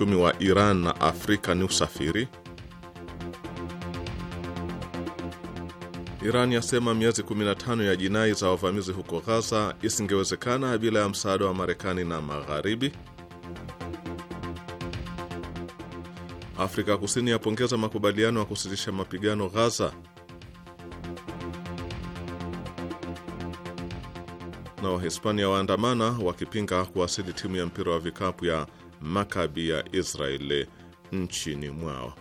uchumi wa Iran na Afrika ni usafiri. Iran yasema miezi 15 ya jinai za wavamizi huko Gaza isingewezekana bila ya msaada wa Marekani na Magharibi. Afrika Kusini yapongeza makubaliano ya kusitisha mapigano Gaza. Na Wahispania waandamana wakipinga kuwasili timu ya mpira wa vikapu ya makabi ya Israeli nchini mwao.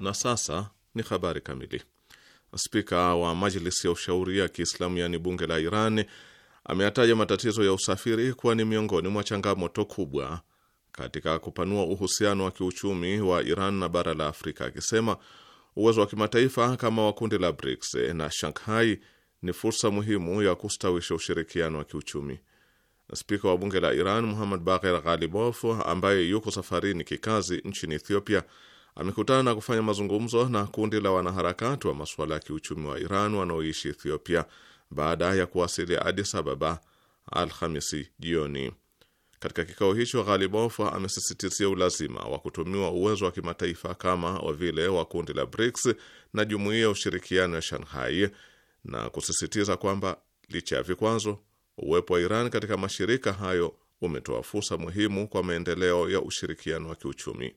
Na sasa ni habari kamili. Spika wa Majlisi ya Ushauri ya Kiislamu, yaani bunge la Iran, ameyataja matatizo ya usafiri kuwa ni miongoni mwa changamoto kubwa katika kupanua uhusiano wa kiuchumi wa Iran na bara la Afrika, akisema uwezo wa kimataifa kama wa kundi la BRICS na Shanghai ni fursa muhimu ya kustawisha ushirikiano wa kiuchumi. Spika wa bunge la Iran Muhammad bagher Ghalibof, ambaye yuko safarini kikazi nchini Ethiopia, amekutana na kufanya mazungumzo na kundi la wanaharakati wa masuala ya kiuchumi wa Iran wanaoishi Ethiopia baada ya kuwasili Addis Ababa Alhamisi jioni. Katika kikao hicho, Ghalibof amesisitizia ulazima wa kutumiwa uwezo wa kimataifa kama wa vile wa kundi la BRICS na jumuiya ya ushirikiano ya Shanghai na kusisitiza kwamba licha ya vikwazo, uwepo wa Iran katika mashirika hayo umetoa fursa muhimu kwa maendeleo ya ushirikiano wa kiuchumi.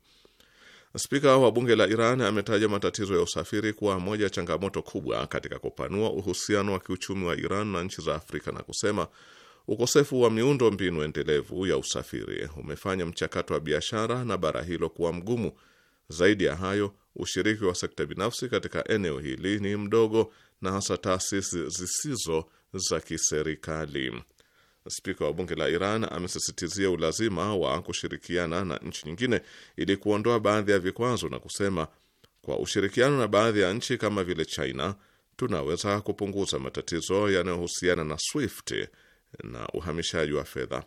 Spika wa bunge la Iran ametaja matatizo ya usafiri kuwa moja ya changamoto kubwa katika kupanua uhusiano wa kiuchumi wa Iran na nchi za Afrika na kusema ukosefu wa miundo mbinu endelevu ya usafiri umefanya mchakato wa biashara na bara hilo kuwa mgumu. Zaidi ya hayo, ushiriki wa sekta binafsi katika eneo hili ni mdogo na hasa taasisi zisizo za kiserikali. Spika wa bunge la Iran amesisitizia ulazima wa kushirikiana na nchi nyingine ili kuondoa baadhi ya vikwazo na kusema, kwa ushirikiano na baadhi ya nchi kama vile China tunaweza kupunguza matatizo yanayohusiana na SWIFT na uhamishaji wa fedha.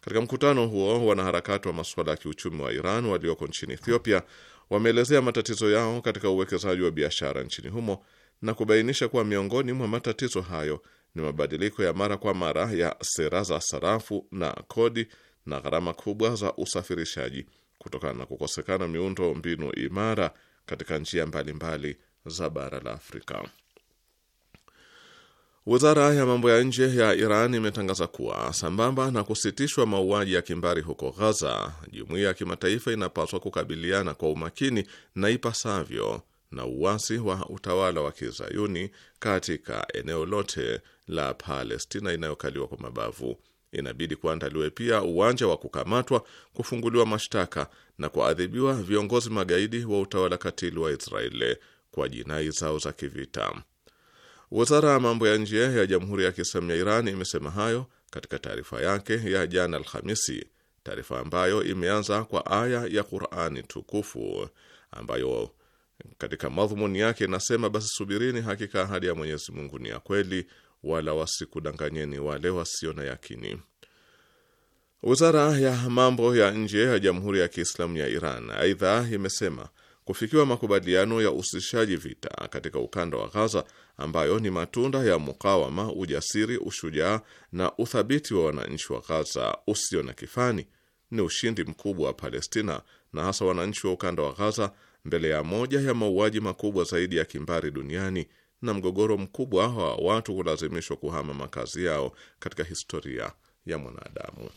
Katika mkutano huo, wanaharakati wa masuala ya kiuchumi wa Iran walioko nchini Ethiopia wameelezea matatizo yao katika uwekezaji wa biashara nchini humo na kubainisha kuwa miongoni mwa matatizo hayo ni mabadiliko ya mara kwa mara ya sera za sarafu na kodi na gharama kubwa za usafirishaji kutokana na kukosekana miundo mbinu imara katika njia mbalimbali mbali za bara la Afrika. Wizara ya mambo ya nje ya Iran imetangaza kuwa sambamba na kusitishwa mauaji ya kimbari huko Ghaza, jumuiya ya kimataifa inapaswa kukabiliana kwa umakini na ipasavyo na uwasi wa utawala wa kizayuni katika eneo lote la Palestina inayokaliwa kwa mabavu. Inabidi kuandaliwe pia uwanja wa kukamatwa, kufunguliwa mashtaka na kuadhibiwa viongozi magaidi wa utawala katili wa Israeli kwa jinai zao za kivita. Wizara ya mambo ya nje ya Jamhuri ya Kiislamu ya Iran imesema hayo katika taarifa yake ya jana Alhamisi, taarifa ambayo imeanza kwa aya ya Qur'ani tukufu ambayo katika madhumuni yake inasema, basi subirini, hakika ahadi ya Mwenyezi Mungu ni ya kweli, wala wasikudanganyeni wale wasio na yakini. Wizara ya mambo ya nje ya Jamhuri ya Kiislamu ya Iran aidha imesema kufikiwa makubaliano ya usitishaji vita katika ukanda wa Ghaza ambayo ni matunda ya mukawama, ujasiri, ushujaa na uthabiti wa wananchi wa Ghaza usio na kifani ni ushindi mkubwa wa Palestina na hasa wananchi wa ukanda wa Ghaza mbele ya moja ya mauaji makubwa zaidi ya kimbari duniani na mgogoro mkubwa wa watu kulazimishwa kuhama makazi yao katika historia ya mwanadamu.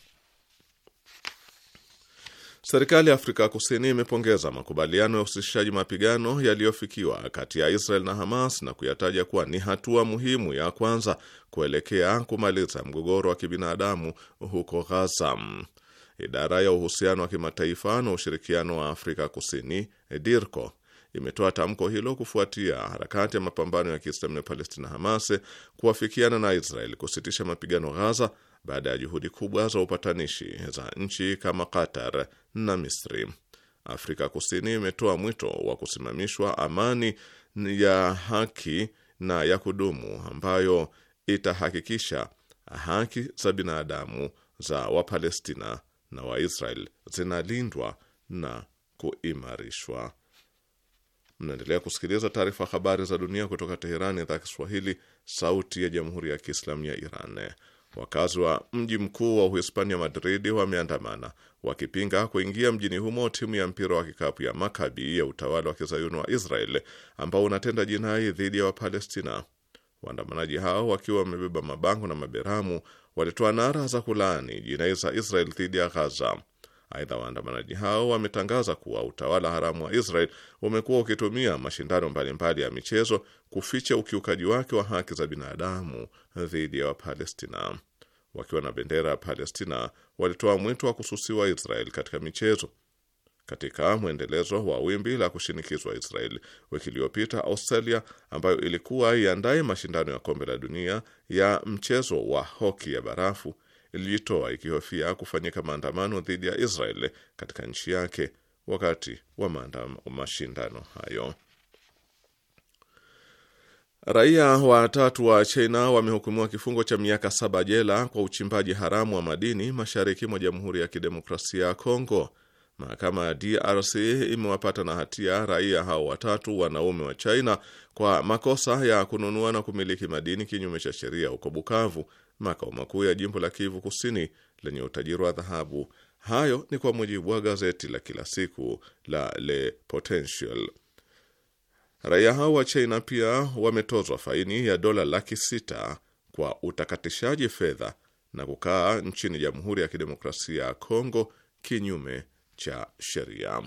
Serikali ya Afrika Kusini imepongeza makubaliano ya usitishaji mapigano yaliyofikiwa kati ya Israel na Hamas na kuyataja kuwa ni hatua muhimu ya kwanza kuelekea kumaliza mgogoro wa kibinadamu huko Ghaza. Idara ya uhusiano wa kimataifa na ushirikiano wa Afrika Kusini, DIRCO, imetoa tamko hilo kufuatia harakati ya mapambano ya Kiislamu ya Palestina, Hamas, kuwafikiana na Israel kusitisha mapigano Ghaza baada ya juhudi kubwa za upatanishi za nchi kama Qatar na Misri. Afrika Kusini imetoa mwito wa kusimamishwa amani ya haki na ya kudumu ambayo itahakikisha haki za binadamu za Wapalestina na Waisrael zinalindwa na kuimarishwa. Mnaendelea kusikiliza taarifa habari za dunia kutoka Teherani, idhaa Kiswahili, sauti ya jamhuri ya kiislamu ya Iran. Wakazi wa mji mkuu wa Uhispania, Madridi, wameandamana wakipinga kuingia mjini humo timu ya mpira wa kikapu ya Makabi ya utawala wa kizayuni wa Israel ambao unatenda jinai dhidi ya Wapalestina. Waandamanaji hao wakiwa wamebeba mabango na maberamu walitoa nara za kulaani jinai za Israel dhidi ya Ghaza. Aidha, waandamanaji hao wametangaza kuwa utawala haramu wa Israel umekuwa ukitumia mashindano mbalimbali ya michezo kuficha ukiukaji wake wa haki za binadamu dhidi ya Wapalestina. Wakiwa na bendera ya Palestina, walitoa mwito wa kususiwa Israel katika michezo. Katika mwendelezo wa wimbi la kushinikizwa Israeli, wiki iliyopita Australia ambayo ilikuwa iandaye mashindano ya kombe la dunia ya mchezo wa hoki ya barafu ilijitoa ikihofia kufanyika maandamano dhidi ya Israeli katika nchi yake wakati wa mashindano hayo. Raia watatu wa China wamehukumiwa kifungo cha miaka saba jela kwa uchimbaji haramu wa madini mashariki mwa Jamhuri ya Kidemokrasia ya Kongo. Mahakama ya DRC imewapata na hatia raia hao watatu wanaume wa China kwa makosa ya kununua na kumiliki madini kinyume cha sheria huko Bukavu, makao makuu ya jimbo la Kivu Kusini lenye utajiri wa dhahabu. Hayo ni kwa mujibu wa gazeti la kila siku la Le Potential. Raia hao wa China pia wametozwa faini ya dola laki sita kwa utakatishaji fedha na kukaa nchini Jamhuri ya Kidemokrasia ya Kongo kinyume cha sheria.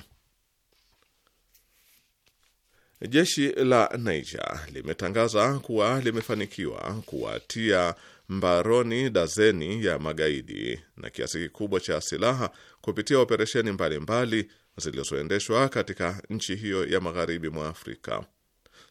Jeshi la Niger limetangaza kuwa limefanikiwa kuwatia mbaroni dazeni ya magaidi na kiasi kikubwa cha silaha kupitia operesheni mbalimbali zilizoendeshwa katika nchi hiyo ya magharibi mwa Afrika.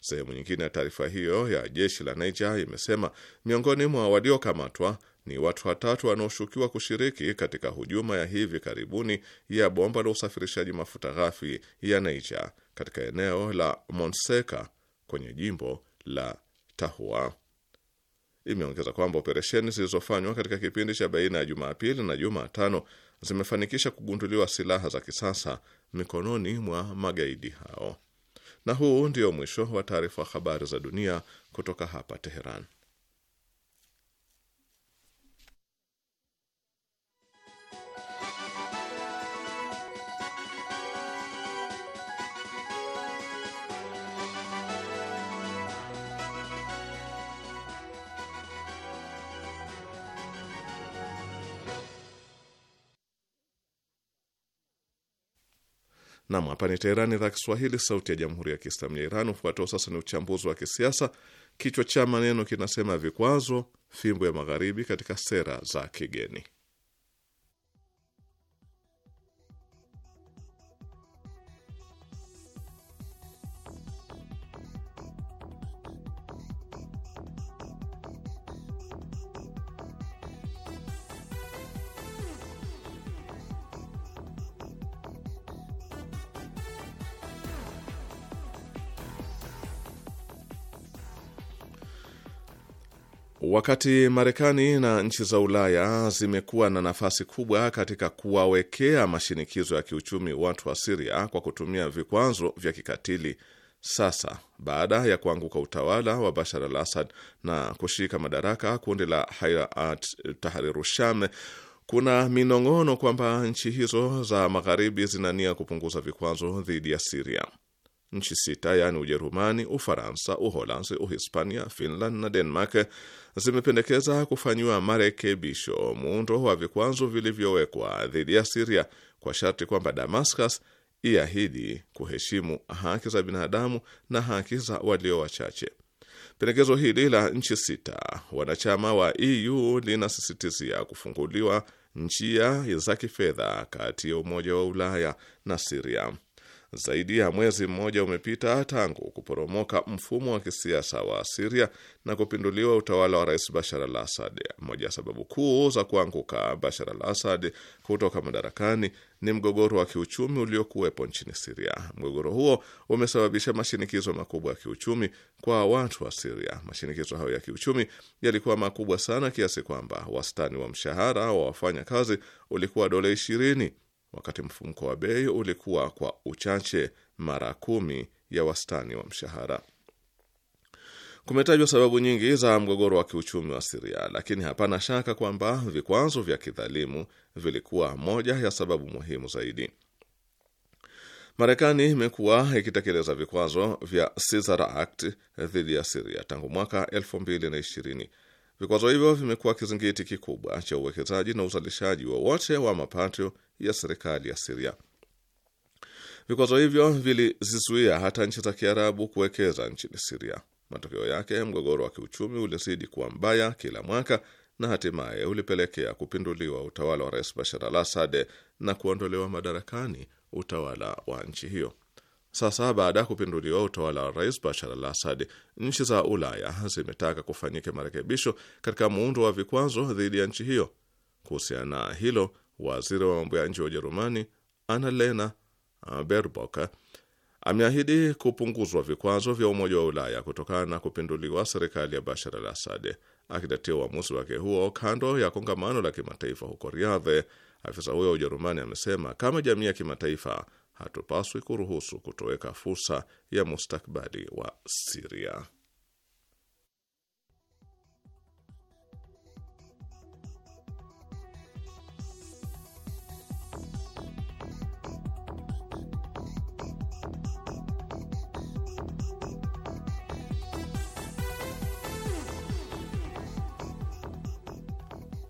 Sehemu nyingine ya taarifa hiyo ya jeshi la Niger imesema miongoni mwa waliokamatwa ni watu watatu wanaoshukiwa kushiriki katika hujuma ya hivi karibuni ya bomba la usafirishaji mafuta ghafi ya Niger katika eneo la Monseka kwenye jimbo la Tahua. Imeongeza kwamba operesheni zilizofanywa katika kipindi cha baina ya Jumapili na Jumatano zimefanikisha kugunduliwa silaha za kisasa mikononi mwa magaidi hao. Na huu ndio mwisho wa taarifa habari za dunia kutoka hapa Teheran. Nam, hapa ni Teherani, idhaa Kiswahili, sauti ya jamhuri ya kiislamu ya Iran. Ufuatao sasa ni uchambuzi wa kisiasa, kichwa cha maneno kinasema vikwazo, fimbo ya magharibi katika sera za kigeni. Wakati Marekani na nchi za Ulaya zimekuwa na nafasi kubwa katika kuwawekea mashinikizo ya kiuchumi watu wa Siria kwa kutumia vikwazo vya kikatili, sasa baada ya kuanguka utawala wa Bashar al Assad na kushika madaraka kundi la Hayat Tahriru kuna minong'ono kwamba nchi hizo za magharibi zina nia kupunguza vikwazo dhidi ya Siria. Nchi sita yaani Ujerumani, Ufaransa, Uholanzi, Uhispania, Finland na Denmark zimependekeza kufanyiwa marekebisho muundo wa vikwazo vilivyowekwa dhidi ya Siria kwa sharti kwamba Damascus iahidi kuheshimu haki za binadamu na haki za walio wachache. Pendekezo hili la nchi sita wanachama wa EU linasisitizia kufunguliwa njia za kifedha kati ya Umoja wa Ulaya na Siria. Zaidi ya mwezi mmoja umepita tangu kuporomoka mfumo wa kisiasa wa Siria na kupinduliwa utawala wa Rais Bashar al Assad. Moja ya sababu kuu za kuanguka Bashar al Assad kutoka madarakani ni mgogoro wa kiuchumi uliokuwepo nchini Siria. Mgogoro huo umesababisha mashinikizo makubwa ya kiuchumi kwa watu wa Siria. Mashinikizo hayo ya kiuchumi yalikuwa makubwa sana kiasi kwamba wastani wa mshahara wa wafanyakazi ulikuwa dola ishirini wakati mfumko wa bei ulikuwa kwa uchache mara kumi ya wastani wa mshahara. Kumetajwa sababu nyingi za mgogoro wa kiuchumi wa Siria, lakini hapana shaka kwamba vikwazo vya kidhalimu vilikuwa moja ya sababu muhimu zaidi. Marekani imekuwa ikitekeleza vikwazo vya Caesar Act dhidi ya Siria tangu mwaka 2020. Vikwazo hivyo vimekuwa kizingiti kikubwa cha uwekezaji na uzalishaji wowote wa, wa mapato ya serikali ya Siria. Vikwazo hivyo vilizizuia hata nchi za Kiarabu kuwekeza nchini Siria. Matokeo yake, mgogoro wa kiuchumi ulizidi kuwa mbaya kila mwaka na hatimaye ulipelekea kupinduliwa utawala wa Rais Bashar al Assad na kuondolewa madarakani utawala wa nchi hiyo. Sasa baada ya kupinduliwa utawala wa Rais Bashar al Assad, nchi za Ulaya zimetaka kufanyike marekebisho katika muundo wa vikwazo dhidi ya nchi hiyo. Kuhusiana na hilo, waziri wa mambo ya nje wa Ujerumani Annalena Baerbock ameahidi kupunguzwa vikwazo vya Umoja wa Ulaya kutokana na kupinduliwa serikali ya Bashar al Assad. Akitetea uamuzi wake huo kando ya kongamano la kimataifa huko Riyadh, afisa huyo wa Ujerumani amesema kama jamii ya kimataifa hatupaswi kuruhusu kutoweka fursa ya mustakbali wa Siria.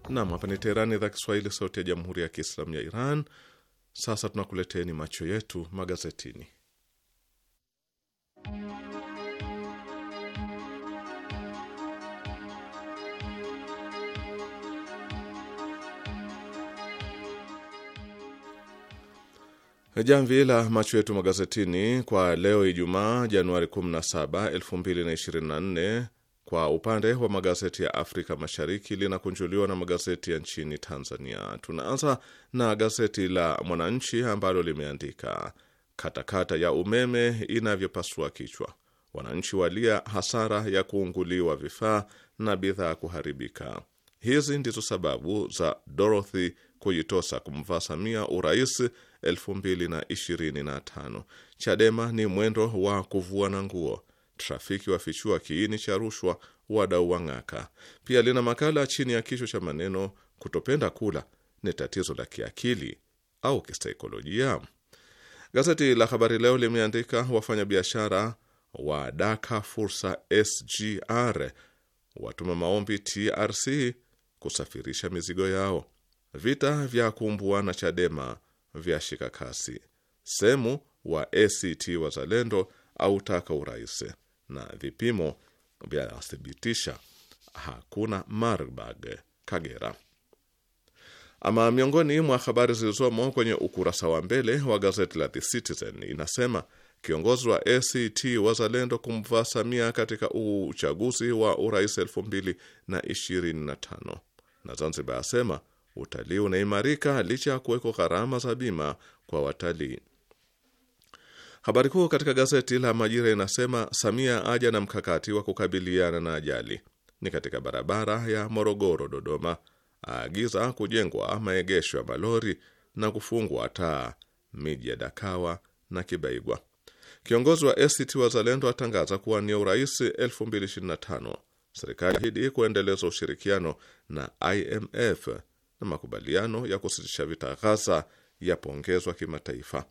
Nam, hapa ni Teherani, idhaa Kiswahili, sauti ya jamhuri ya kiislamu ya Iran. Sasa tunakuleteni macho yetu magazetini. Jamvi la macho yetu magazetini kwa leo Ijumaa, Januari 17, 2024 kwa upande wa magazeti ya Afrika Mashariki linakunjuliwa na magazeti ya nchini Tanzania. Tunaanza na gazeti la Mwananchi ambalo limeandika katakata ya umeme inavyopasua kichwa, wananchi walia hasara ya kuunguliwa vifaa na bidhaa kuharibika. Hizi ndizo sababu za Dorothy kujitosa kumvaa Samia urais 2025. Chadema ni mwendo wa kuvua na nguo trafiki wafichua kiini cha rushwa, wadau wang'aka. Pia lina makala chini ya kichwa cha maneno kutopenda kula ni tatizo la kiakili au kisaikolojia. Gazeti la Habari Leo limeandika wafanyabiashara wa daka fursa SGR watuma maombi TRC kusafirisha mizigo yao. Vita vya kumbua na Chadema vya shika kasi. Semu wa ACT Wazalendo autaka urais na vipimo vyathibitisha hakuna Marburg Kagera. Ama miongoni mwa habari zilizomo kwenye ukurasa wa mbele wa gazeti la The Citizen inasema kiongozi wa ACT Wazalendo kumvaa Samia katika uchaguzi wa urais elfu mbili na ishirini na tano na Zanzibar asema utalii unaimarika licha ya kuwekwa gharama za bima kwa watalii. Habari kuu katika gazeti la Majira inasema Samia aja na mkakati wa kukabiliana na ajali. Ni katika barabara ya Morogoro Dodoma, aagiza kujengwa maegesho ya malori na kufungwa taa miji ya Dakawa na Kibaigwa. Kiongozi wa ACT Wazalendo atangaza kuwa ni urais 2025. Serikali ahidi kuendeleza ushirikiano na IMF na makubaliano ya kusitisha vita Ghaza yapongezwa kimataifa.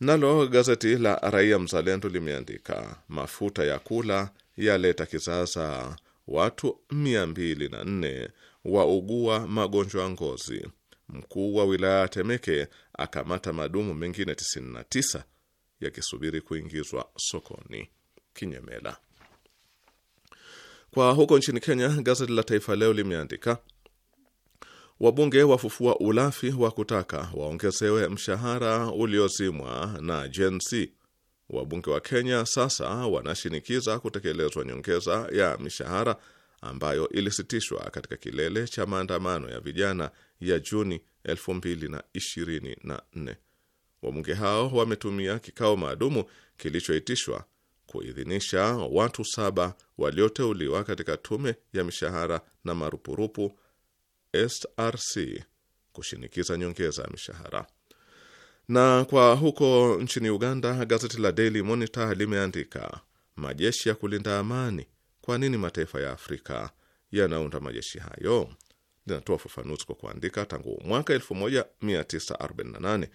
Nalo gazeti la Raia Mzalendo limeandika mafuta ya kula yaleta kizaza, watu 204 waugua magonjwa ngozi, mkuu wa wilaya ya Temeke akamata madumu mengine 99 yakisubiri kuingizwa sokoni kinyemela. Kwa huko nchini Kenya, gazeti la Taifa Leo limeandika Wabunge wafufua ulafi wa kutaka waongezewe mshahara uliozimwa na Gen Z. Wabunge wa Kenya sasa wanashinikiza kutekelezwa nyongeza ya mishahara ambayo ilisitishwa katika kilele cha maandamano ya vijana ya Juni 2024. Wabunge hao wametumia kikao maalumu kilichoitishwa kuidhinisha watu saba walioteuliwa katika tume ya mishahara na marupurupu SRC kushinikiza nyongeza ya mishahara. Na kwa huko nchini Uganda, gazeti la Daily Monitor limeandika majeshi ya kulinda amani, kwa nini mataifa ya Afrika yanaunda majeshi hayo? Linatoa ufafanuzi kwa kuandika, tangu mwaka 1948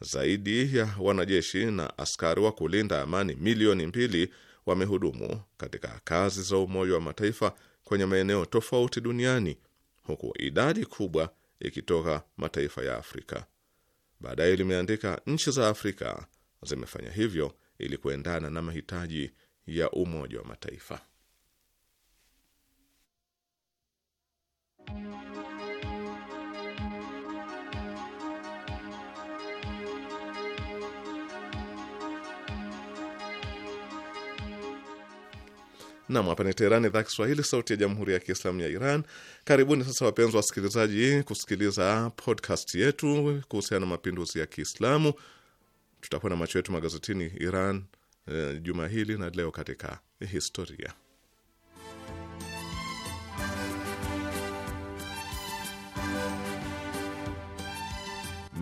zaidi ya wanajeshi na askari wa kulinda amani milioni mbili wamehudumu katika kazi za Umoja wa Mataifa kwenye maeneo tofauti duniani huku idadi kubwa ikitoka mataifa ya Afrika. Baadaye limeandika nchi za Afrika zimefanya hivyo ili kuendana na mahitaji ya Umoja wa Mataifa. Nam, hapa ni Teherani, idhaa Kiswahili, sauti ya jamhuri ya kiislamu ya Iran. Karibuni sasa wapenzi wasikilizaji, kusikiliza podcast yetu kuhusiana na mapinduzi ya Kiislamu. Tutakuwa na macho yetu magazetini Iran e, juma hili na leo katika historia.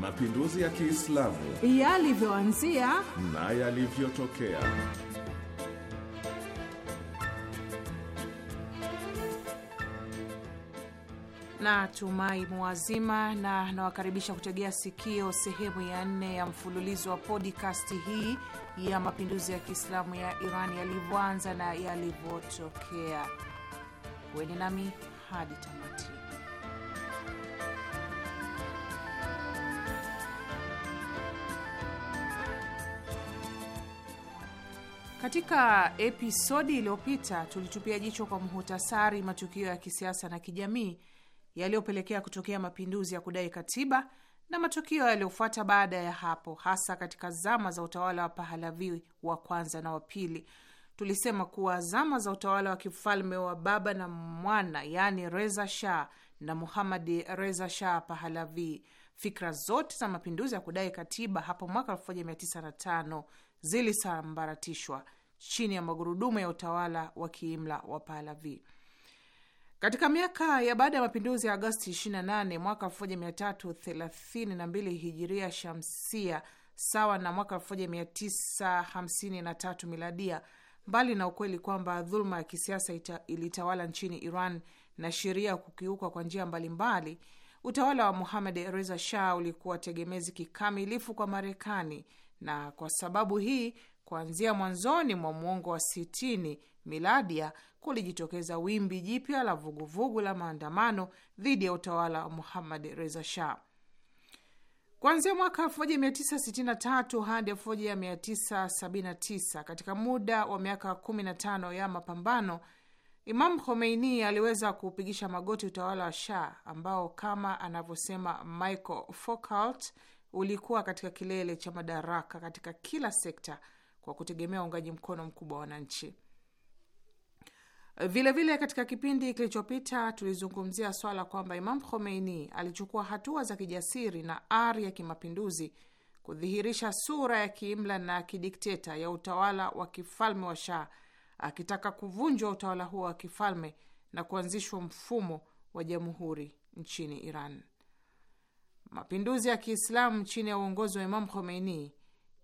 Mapinduzi ya Kiislamu yalivyoanzia na yalivyotokea. na tumai muwazima na nawakaribisha kutegea sikio sehemu ya nne ya mfululizo wa podcast hii ya mapinduzi ya Kiislamu ya Iran yalivyoanza na yalivyotokea. Kuweni nami hadi tamati. Katika episodi iliyopita tulitupia jicho kwa mhutasari matukio ya kisiasa na kijamii yaliyopelekea kutokea mapinduzi ya kudai katiba na matukio yaliyofuata baada ya hapo, hasa katika zama za utawala wa Pahalavi wa kwanza na wa pili. Tulisema kuwa zama za utawala wa kifalme wa baba na mwana, yaani Reza Shah na Muhamadi Reza Shah Pahalavi, fikra zote za mapinduzi ya kudai katiba hapo mwaka 1905 zilisambaratishwa chini ya magurudumu ya utawala wa kiimla wa Pahalavi. Katika miaka ya baada ya mapinduzi ya Agosti 28 mwaka 1332 hijiria shamsia sawa na mwaka 1953 miladia, mbali na ukweli kwamba dhuluma ya kisiasa ita, ilitawala nchini Iran na sheria kukiuka kwa njia mbalimbali, utawala wa Muhammad Reza Shah ulikuwa tegemezi kikamilifu kwa Marekani, na kwa sababu hii kuanzia mwanzoni mwa muongo wa 6 miladia kulijitokeza wimbi jipya la vuguvugu la maandamano dhidi ya utawala wa Muhammad Reza Shah. Kuanzia mwaka 1963 hadi 1979, katika muda wa miaka 15 ya mapambano, Imam Khomeini aliweza kuupigisha magoti utawala wa Shah ambao kama anavyosema Michael Foucault ulikuwa katika kilele cha madaraka katika kila sekta kwa kutegemea uungaji mkono mkubwa wa wananchi. Vilevile vile katika kipindi kilichopita tulizungumzia swala kwamba Imam Khomeini alichukua hatua za kijasiri na ari ya kimapinduzi kudhihirisha sura ya kiimla na kidikteta ya utawala wa kifalme wa Shah, akitaka kuvunjwa utawala huo wa kifalme na kuanzishwa mfumo wa jamhuri nchini Iran. Mapinduzi ya Kiislamu chini ya uongozi wa Imam Khomeini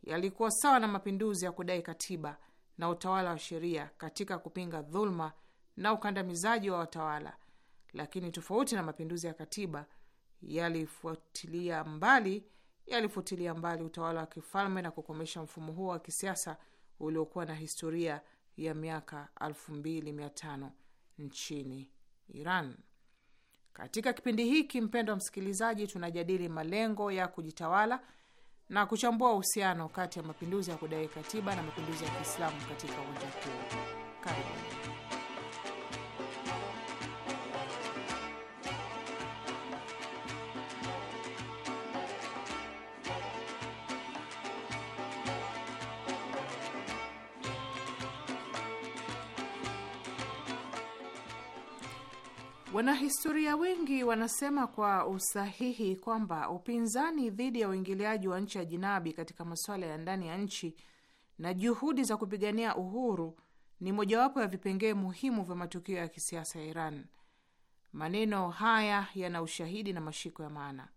yalikuwa sawa na mapinduzi ya kudai katiba na utawala wa sheria katika kupinga dhuluma na ukandamizaji wa watawala, lakini tofauti na mapinduzi ya katiba yalifuatilia mbali yalifutilia mbali utawala wa kifalme na kukomesha mfumo huo wa kisiasa uliokuwa na historia ya miaka 2500 nchini Iran. Katika kipindi hiki, mpendo wa msikilizaji, tunajadili malengo ya kujitawala na kuchambua uhusiano kati ya mapinduzi ya kudai katiba na mapinduzi ya Kiislamu katika uwanja huo. Karibu. Wanahistoria wengi wanasema kwa usahihi kwamba upinzani dhidi ya uingiliaji wa nchi ya jinabi katika masuala ya ndani ya nchi na juhudi za kupigania uhuru ni mojawapo ya vipengee muhimu vya matukio ya kisiasa ya Iran. Maneno haya yana ushahidi na mashiko ya maana.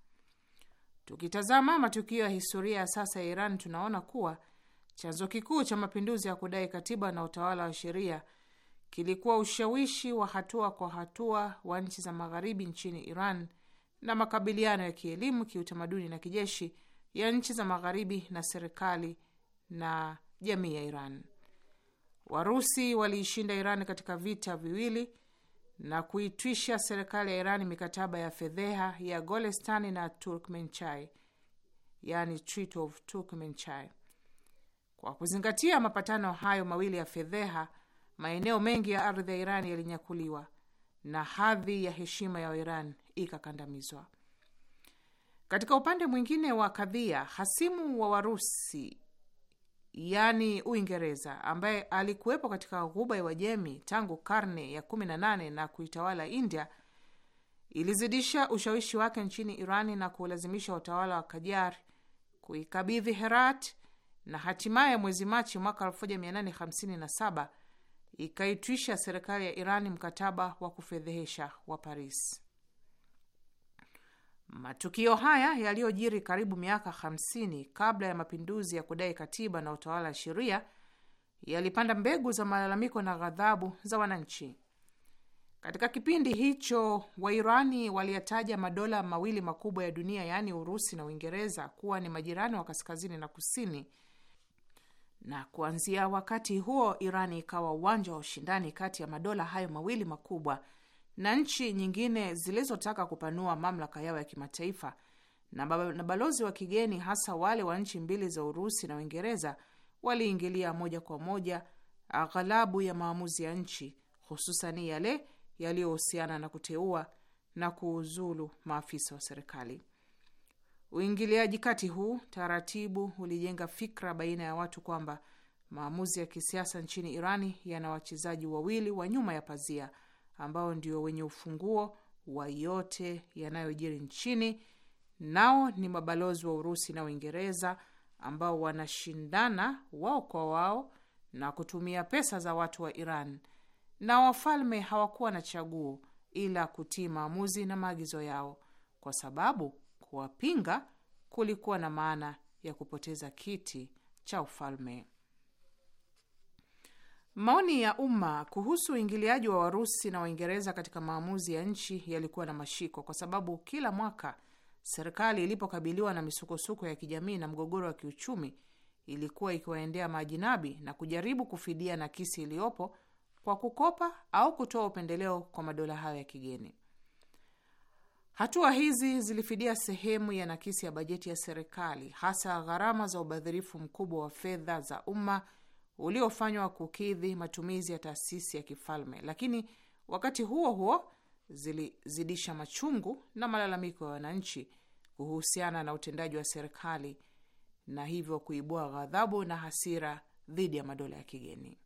Tukitazama matukio ya historia ya sasa ya Iran, tunaona kuwa chanzo kikuu cha mapinduzi ya kudai katiba na utawala wa sheria kilikuwa ushawishi wa hatua kwa hatua wa nchi za magharibi nchini Iran na makabiliano ya kielimu, kiutamaduni na kijeshi ya nchi za magharibi na serikali na jamii ya Iran. Warusi waliishinda Iran katika vita viwili na kuitwisha serikali ya Iran mikataba ya fedheha ya Golestani na Turkmenchai, yani Treaty of Turkmenchai. Kwa kuzingatia mapatano hayo mawili ya fedheha maeneo mengi ya ardhi ya Iran yalinyakuliwa na hadhi ya heshima ya Iran ikakandamizwa. Katika upande mwingine wa kadhia, hasimu wa Warusi yaani Uingereza, ambaye alikuwepo katika ghuba ya Uajemi tangu karne ya 18 na kuitawala India, ilizidisha ushawishi wake nchini Irani na kuulazimisha utawala wa kajar kuikabidhi Herat na hatimaye mwezi Machi mwaka 1857 ikaitwisha serikali ya Iran mkataba wa kufedhehesha wa Paris. Matukio haya yaliyojiri karibu miaka 50 kabla ya mapinduzi ya kudai katiba na utawala wa sheria yalipanda mbegu za malalamiko na ghadhabu za wananchi. Katika kipindi hicho, Wairani waliyataja madola mawili makubwa ya dunia, yaani Urusi na Uingereza, kuwa ni majirani wa kaskazini na kusini na kuanzia wakati huo Irani ikawa uwanja wa ushindani kati ya madola hayo mawili makubwa na nchi nyingine zilizotaka kupanua mamlaka yao ya kimataifa na balozi wa kigeni hasa wale wa nchi mbili za Urusi na Uingereza waliingilia moja kwa moja aghalabu ya maamuzi ya nchi, hususani yale yaliyohusiana na kuteua na kuuzulu maafisa wa serikali. Uingiliaji kati huu taratibu ulijenga fikra baina ya watu kwamba maamuzi ya kisiasa nchini Irani yana wachezaji wawili wa nyuma ya pazia ambao ndio wenye ufunguo wa yote yanayojiri nchini, nao ni mabalozi wa Urusi na Uingereza ambao wanashindana wao kwa wao na kutumia pesa za watu wa Iran, na wafalme hawakuwa na chaguo ila kutii maamuzi na maagizo yao, kwa sababu kuwapinga kulikuwa na maana ya kupoteza kiti cha ufalme. Maoni ya umma kuhusu uingiliaji wa Warusi na Waingereza katika maamuzi ya nchi yalikuwa na mashiko, kwa sababu kila mwaka serikali ilipokabiliwa na misukosuko ya kijamii na mgogoro wa kiuchumi, ilikuwa ikiwaendea majinabi na kujaribu kufidia nakisi iliyopo kwa kukopa au kutoa upendeleo kwa madola hayo ya kigeni. Hatua hizi zilifidia sehemu ya nakisi ya bajeti ya serikali, hasa gharama za ubadhirifu mkubwa wa fedha za umma uliofanywa kukidhi matumizi ya taasisi ya kifalme, lakini wakati huo huo zilizidisha machungu na malalamiko ya wananchi kuhusiana na utendaji wa serikali na hivyo kuibua ghadhabu na hasira dhidi ya madola ya kigeni.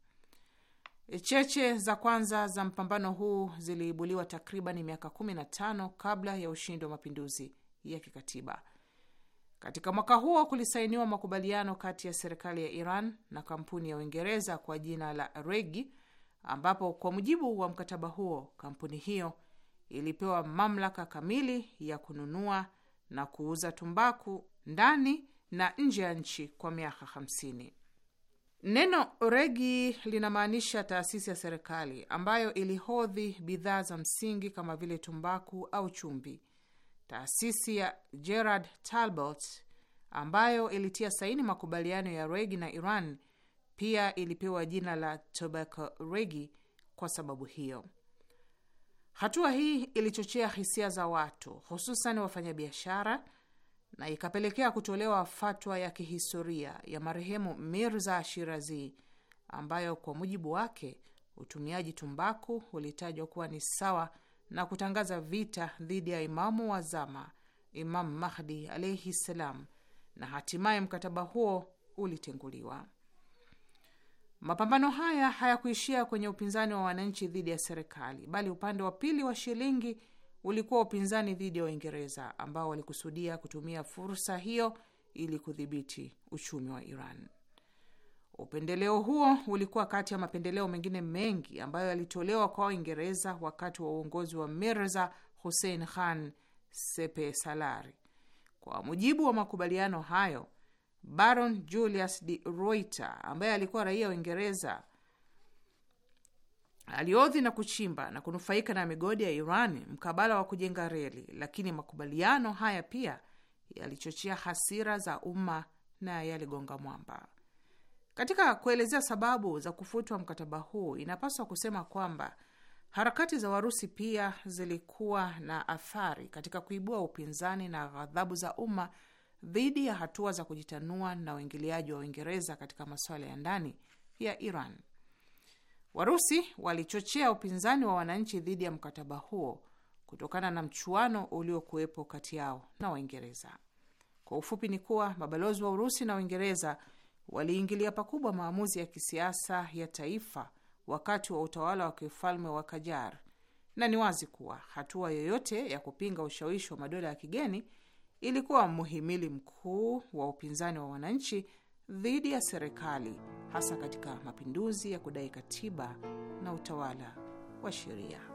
E, cheche za kwanza za mpambano huu ziliibuliwa takriban miaka 15 kabla ya ushindi wa mapinduzi ya kikatiba. Katika mwaka huo kulisainiwa makubaliano kati ya serikali ya Iran na kampuni ya Uingereza kwa jina la Regi, ambapo kwa mujibu wa mkataba huo kampuni hiyo ilipewa mamlaka kamili ya kununua na kuuza tumbaku ndani na nje ya nchi kwa miaka 50. Neno regi linamaanisha taasisi ya serikali ambayo ilihodhi bidhaa za msingi kama vile tumbaku au chumvi. Taasisi ya Gerard Talbot ambayo ilitia saini makubaliano ya regi na Iran pia ilipewa jina la Tobacco Regi kwa sababu hiyo. Hatua hii ilichochea hisia za watu, hususan wafanyabiashara na ikapelekea kutolewa fatwa ya kihistoria ya marehemu Mirza Shirazi ambayo kwa mujibu wake utumiaji tumbaku ulitajwa kuwa ni sawa na kutangaza vita dhidi ya imamu wa zama Imamu Mahdi alaihi ssalam, na hatimaye mkataba huo ulitenguliwa. Mapambano haya hayakuishia kwenye upinzani wa wananchi dhidi ya serikali, bali upande wa pili wa shilingi ulikuwa upinzani dhidi ya Uingereza ambao walikusudia kutumia fursa hiyo ili kudhibiti uchumi wa Iran. Upendeleo huo ulikuwa kati ya mapendeleo mengine mengi ambayo yalitolewa kwa Uingereza wakati wa uongozi wa Mirza Hussein Khan Sepesalari. Kwa mujibu wa makubaliano hayo, Baron Julius de Ruyter ambaye alikuwa raia wa Uingereza aliodhi na kuchimba na kunufaika na migodi ya Iran mkabala wa kujenga reli, lakini makubaliano haya pia yalichochea hasira za umma na yaligonga mwamba. Katika kuelezea sababu za kufutwa mkataba huu, inapaswa kusema kwamba harakati za Warusi pia zilikuwa na athari katika kuibua upinzani na ghadhabu za umma dhidi ya hatua za kujitanua na uingiliaji wa Uingereza katika masuala ya ndani ya Iran. Warusi walichochea upinzani wa wananchi dhidi ya mkataba huo kutokana na mchuano uliokuwepo kati yao na Waingereza. Kwa ufupi ni kuwa mabalozi wa Urusi na Uingereza waliingilia pakubwa maamuzi ya kisiasa ya taifa wakati wa utawala wa kifalme wa Kajar, na ni wazi kuwa hatua yoyote ya kupinga ushawishi wa madola ya kigeni ilikuwa mhimili mkuu wa upinzani wa wananchi dhidi ya serikali, hasa katika mapinduzi ya kudai katiba na utawala wa sheria.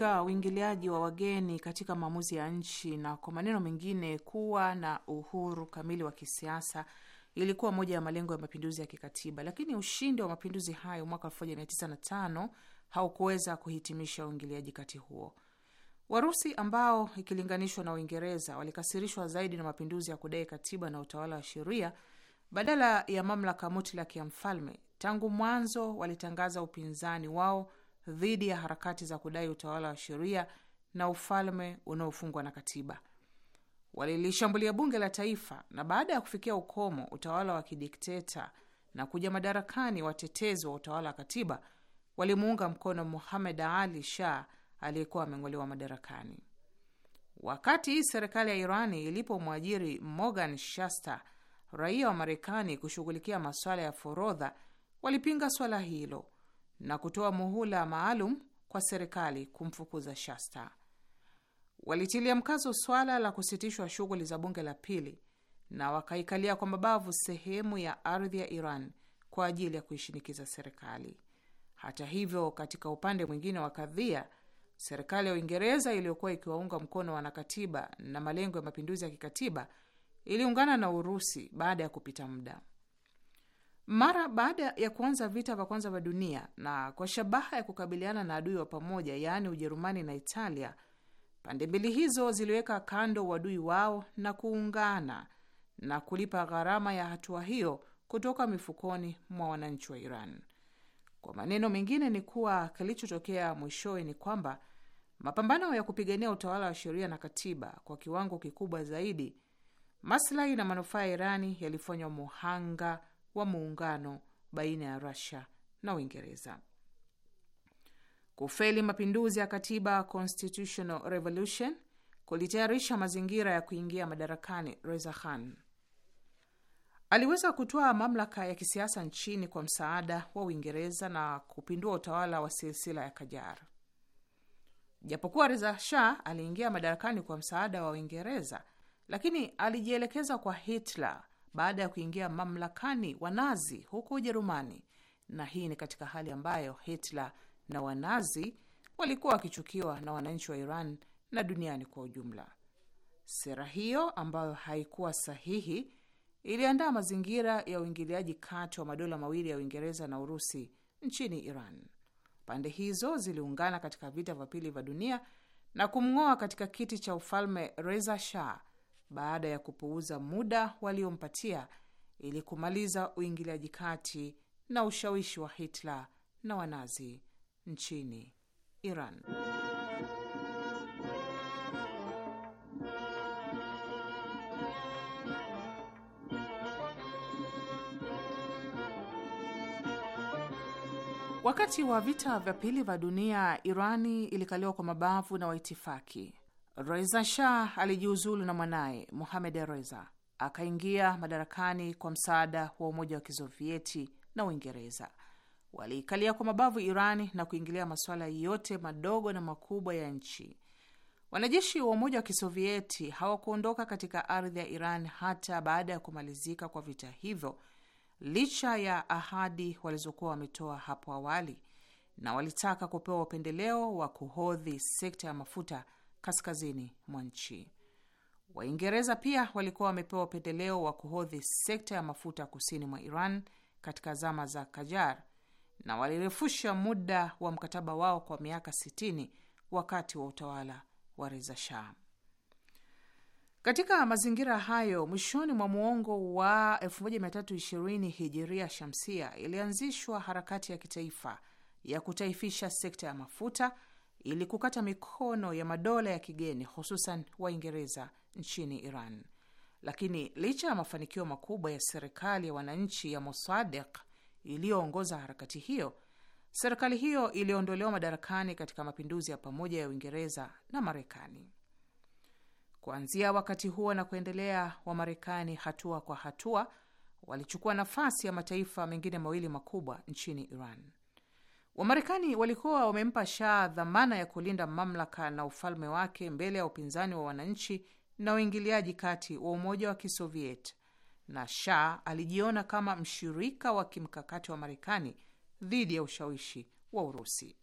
kupinga uingiliaji wa wageni katika maamuzi ya nchi na kwa maneno mengine kuwa na uhuru kamili wa kisiasa ilikuwa moja ya malengo ya mapinduzi ya kikatiba, lakini ushindi wa mapinduzi hayo mwaka 1905 haukuweza kuhitimisha uingiliaji kati huo. Warusi ambao ikilinganishwa na Uingereza walikasirishwa zaidi na mapinduzi ya kudai katiba na utawala wa sheria badala ya mamlaka mutlaki ya mfalme. Tangu mwanzo walitangaza upinzani wao dhidi ya harakati za kudai utawala wa sheria na ufalme unaofungwa na katiba. Walilishambulia bunge la taifa, na baada ya kufikia ukomo utawala wa kidikteta na kuja madarakani watetezi wa utawala wa katiba, walimuunga mkono Muhamed Ali Shah aliyekuwa ameng'olewa madarakani. Wakati serikali ya Irani ilipomwajiri Morgan shaster raia wa Marekani, kushughulikia masuala ya forodha, walipinga swala hilo na kutoa muhula maalum kwa serikali kumfukuza Shasta. Walitilia mkazo swala la kusitishwa shughuli za bunge la pili na wakaikalia kwa mabavu sehemu ya ardhi ya Iran kwa ajili ya kuishinikiza serikali. Hata hivyo, katika upande mwingine wa kadhia, serikali ya Uingereza iliyokuwa ikiwaunga mkono wanakatiba na malengo ya mapinduzi ya kikatiba iliungana na Urusi baada ya kupita muda. Mara baada ya kuanza vita vya kwanza vya dunia na kwa shabaha ya kukabiliana na adui wa pamoja, yaani Ujerumani na Italia, pande mbili hizo ziliweka kando uadui wao na kuungana na kulipa gharama ya hatua hiyo kutoka mifukoni mwa wananchi wa Iran. Kwa maneno mengine ni kuwa kilichotokea mwishowe ni kwamba mapambano ya kupigania utawala wa sheria na katiba kwa kiwango kikubwa zaidi maslahi na manufaa ya Irani yalifanywa muhanga wa muungano baina ya Rusia na Uingereza. Kufeli mapinduzi ya katiba Constitutional Revolution kulitayarisha mazingira ya kuingia madarakani Reza Khan. Aliweza kutoa mamlaka ya kisiasa nchini kwa msaada wa Uingereza na kupindua utawala wa silsila ya Kajar. Japokuwa Reza Shah aliingia madarakani kwa msaada wa Uingereza, lakini alijielekeza kwa Hitler baada ya kuingia mamlakani Wanazi huko Ujerumani, na hii ni katika hali ambayo Hitler na Wanazi walikuwa wakichukiwa na wananchi wa Iran na duniani kwa ujumla. Sera hiyo ambayo haikuwa sahihi iliandaa mazingira ya uingiliaji kati wa madola mawili ya Uingereza na Urusi nchini Iran. Pande hizo ziliungana katika vita vya pili vya dunia na kumng'oa katika kiti cha ufalme Reza Shah baada ya kupuuza muda waliompatia ili kumaliza uingiliaji kati na ushawishi wa Hitler na Wanazi nchini Iran. Wakati wa vita vya pili vya dunia, Irani ilikaliwa kwa mabavu na waitifaki Reza Shah alijiuzulu na mwanaye Mohamed Reza akaingia madarakani kwa msaada wa Umoja wa Kisovieti na Uingereza. Waliikalia kwa mabavu Irani na kuingilia masuala yote madogo na makubwa ya nchi. Wanajeshi wa Umoja wa Kisovieti hawakuondoka katika ardhi ya Iran hata baada ya kumalizika kwa vita hivyo, licha ya ahadi walizokuwa wametoa hapo awali, na walitaka kupewa upendeleo wa kuhodhi sekta ya mafuta kaskazini mwa nchi. Waingereza pia walikuwa wamepewa upendeleo wa kuhodhi sekta ya mafuta kusini mwa Iran katika zama za Kajar na walirefusha muda wa mkataba wao kwa miaka 60 wakati wa utawala wa Reza Shah. Katika mazingira hayo, mwishoni mwa muongo wa 1320 hijiria shamsia, ilianzishwa harakati ya kitaifa ya kutaifisha sekta ya mafuta ili kukata mikono ya madola ya kigeni hususan Waingereza nchini Iran. Lakini licha ya mafanikio makubwa ya serikali ya wananchi ya Mosadeq iliyoongoza harakati hiyo, serikali hiyo iliondolewa madarakani katika mapinduzi ya pamoja ya Uingereza na Marekani. Kuanzia wakati huo na kuendelea, Wamarekani hatua kwa hatua walichukua nafasi ya mataifa mengine mawili makubwa nchini Iran. Wamarekani walikuwa wamempa Shah dhamana ya kulinda mamlaka na ufalme wake mbele ya upinzani wa wananchi na uingiliaji kati wa Umoja wa Kisoviet, na Shah alijiona kama mshirika wa kimkakati wa Marekani dhidi ya ushawishi wa Urusi.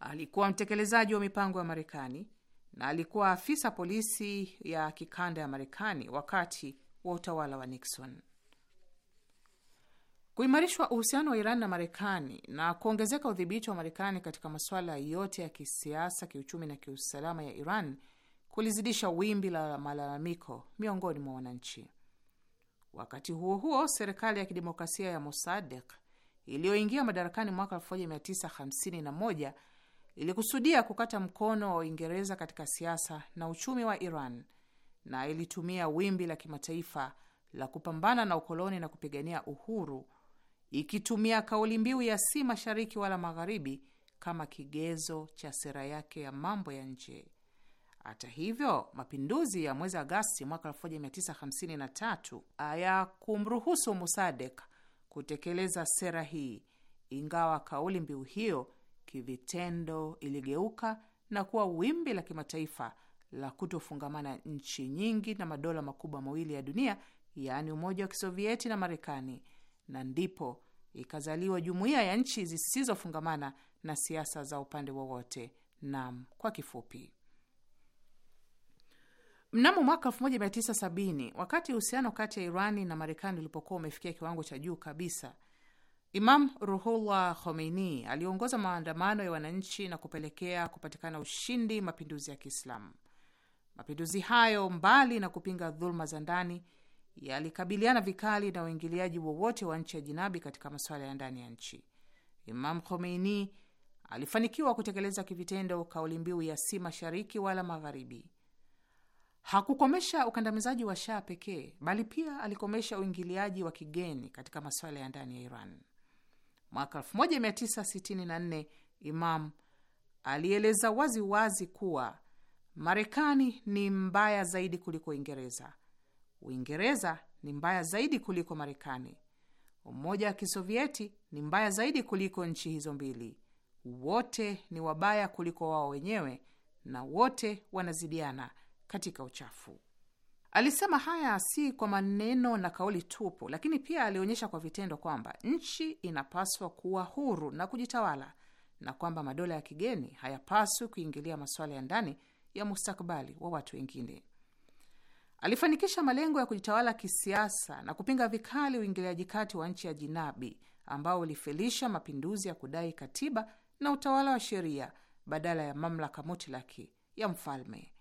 Alikuwa mtekelezaji wa mipango ya Marekani na alikuwa afisa polisi ya kikanda ya Marekani wakati wa utawala wa Nixon. Kuimarishwa uhusiano wa Iran na Marekani na kuongezeka udhibiti wa Marekani katika masuala yote ya kisiasa, kiuchumi na kiusalama ya Iran kulizidisha wimbi la malalamiko miongoni mwa wananchi. Wakati huo huo, serikali ya kidemokrasia ya Mosadek iliyoingia madarakani mwaka 1951 ilikusudia kukata mkono wa Uingereza katika siasa na uchumi wa Iran na ilitumia wimbi la kimataifa la kupambana na ukoloni na kupigania uhuru ikitumia kauli mbiu ya si mashariki wala magharibi kama kigezo cha sera yake ya mambo ya nje. Hata hivyo, mapinduzi ya mwezi Agasti mwaka 1953 kumruhusu Musadek kutekeleza sera hii, ingawa kauli mbiu hiyo kivitendo iligeuka na kuwa wimbi la kimataifa la kutofungamana nchi nyingi na madola makubwa mawili ya dunia, yaani Umoja wa Kisovieti na Marekani na ndipo ikazaliwa jumuiya ya nchi zisizofungamana na siasa za upande wowote, NAM kwa kifupi. Mnamo mwaka 1970 wakati uhusiano kati ya Irani na Marekani ulipokuwa umefikia kiwango cha juu kabisa, Imam Ruhullah Khomeini aliongoza maandamano ya wananchi na kupelekea kupatikana ushindi mapinduzi ya Kiislamu. Mapinduzi hayo, mbali na kupinga dhuluma za ndani yalikabiliana vikali na uingiliaji wowote wa nchi ya jinabi katika masuala ya ndani ya nchi. Imam Khomeini alifanikiwa kutekeleza kivitendo kauli mbiu ya si mashariki wala magharibi. Hakukomesha ukandamizaji wa Shah pekee, bali pia alikomesha uingiliaji wa kigeni katika masuala ya ndani ya Iran. Mwaka 1964 Imam alieleza wazi wazi kuwa Marekani ni mbaya zaidi kuliko Uingereza Uingereza ni mbaya zaidi kuliko Marekani. Umoja wa Kisovieti ni mbaya zaidi kuliko nchi hizo mbili. Wote ni wabaya kuliko wao wenyewe na wote wanazidiana katika uchafu. Alisema haya si kwa maneno na kauli tupu, lakini pia alionyesha kwa vitendo kwamba nchi inapaswa kuwa huru na kujitawala na kwamba madola ya kigeni hayapaswi kuingilia masuala ya ndani ya mustakabali wa watu wengine. Alifanikisha malengo ya kujitawala kisiasa na kupinga vikali uingiliaji kati wa nchi ya jinabi ambao ulifelisha mapinduzi ya kudai katiba na utawala wa sheria badala ya mamlaka mutlaki ya mfalme.